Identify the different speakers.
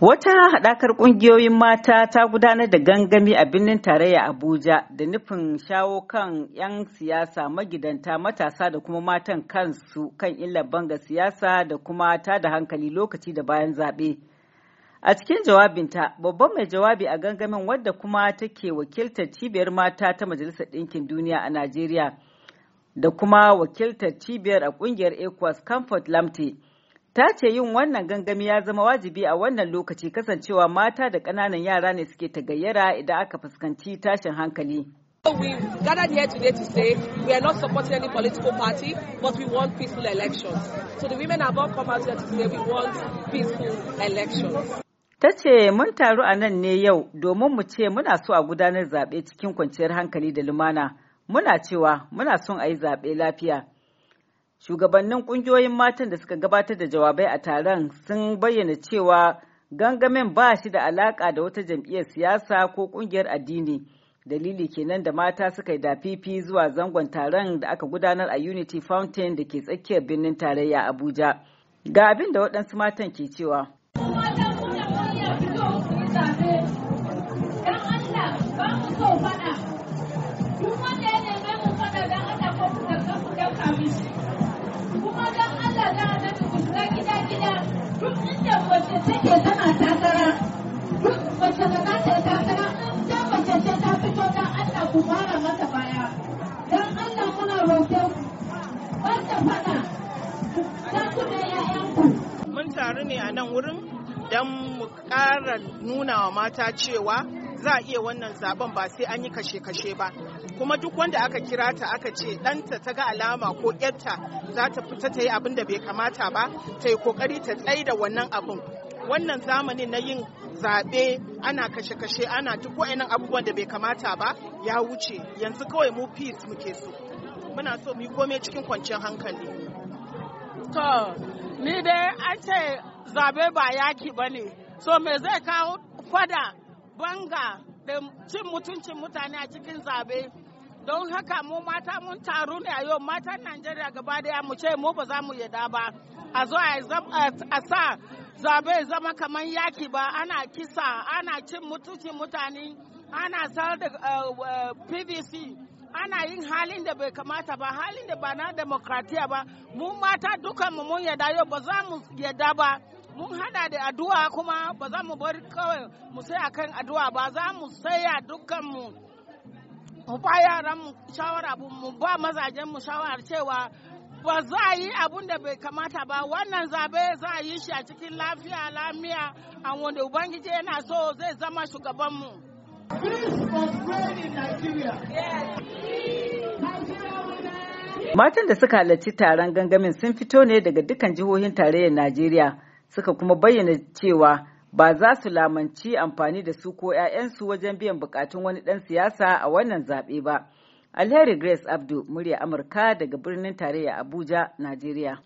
Speaker 1: Wata haɗakar ƙungiyoyin mata ta gudanar da gangami a birnin tarayya Abuja da nufin shawo kan 'yan siyasa magidanta matasa da kuma matan kansu kan illar banga siyasa da kuma ta da hankali lokaci da bayan zaɓe. A cikin jawabinta, babban mai jawabi a gangamin wadda kuma take wakiltar cibiyar mata ta Majalisar Ɗinkin Duniya a Najeriya da kuma wakiltar cibiyar a ƙungiyar Comfort Lamte. ta ce yin wannan gangami ya zama wajibi a wannan lokaci kasancewa mata da ƙananan yara ne suke tagayyara idan aka fuskanci tashin hankali.
Speaker 2: We gathered here today to say we are not supporting any political party, but we want peaceful elections. So the women have all come out here to say we want peaceful elections.
Speaker 1: Ta ce mun taru a nan ne yau domin mu ce muna so a gudanar zaɓe cikin kwanciyar hankali da lumana. Muna cewa muna son a yi zaɓe lafiya. Shugabannin ƙungiyoyin matan da suka gabatar da jawabai a taron sun bayyana cewa gangamin ba shi da alaƙa da wata jam'iyyar siyasa ko ƙungiyar addini. Dalili kenan da mata suka yi dafifi zuwa zangon taron da aka gudanar a Unity Fountain da ke tsakiyar birnin tarayya Abuja. Ga abin da waɗansu matan ke cewa. Duk wanda mu
Speaker 2: faɗa don Allah ko ku ɗauka duk inda wacce take tana takara duk takara ta ta fito Allah ku mata baya Allah muna ku yayanku mun taru ne a nan wurin don mu ƙara nuna wa mata cewa za a iya wannan zaben ba sai an yi kashe-kashe ba kuma duk wanda aka kira ta aka ce ɗanta ta ga alama ko yarta za ta fita ta yi abin da bai kamata ba ta yi kokari ta tsaye da wannan abin wannan zamani na yin zaɓe ana kashe-kashe ana duk wa'annan abubuwan da bai kamata ba ya wuce yanzu kawai mu peace muke so muna so mu yi komai cikin kwanciyar hankali to ni dai an ce zaɓe ba yaki ba ne so me zai kawo fada banga da cin mutuncin mutane a cikin zabe don haka mu mata mun taru ne a yau matan najeriya gaba daya mu ce mu ba za mu yada ba a zo a sa zabe zama kamar yaki ba ana kisa ana cin mutuncin mutane ana sar da eh, eh, pvc ana yin halin da bai kamata ba halin da ba na demokratiya ba mu mata dukanmu mun yada yau ba za mu yada ba mun hada da addu'a kuma ba za mu bari kawai mu sai akan addu'a ba za mu saya dukkan mu ba yaran mu shawara mu ba mazajen mu shawara cewa ba za yi abun da bai kamata ba wannan zabe za yi shi a cikin lafiya lamiya a wanda ubangiji yana so zai zama shugabanmu. Matan da suka
Speaker 1: halarci taron gangamin sun fito ne daga dukkan jihohin tarayyar Najeriya. suka kuma bayyana cewa ba za su lamanci amfani da su ko 'ya'yansu wajen biyan bukatun wani ɗan siyasa a wannan zaɓe ba. Alheri Grace Abdu, murya Amurka daga birnin tarayya Abuja, Najeriya.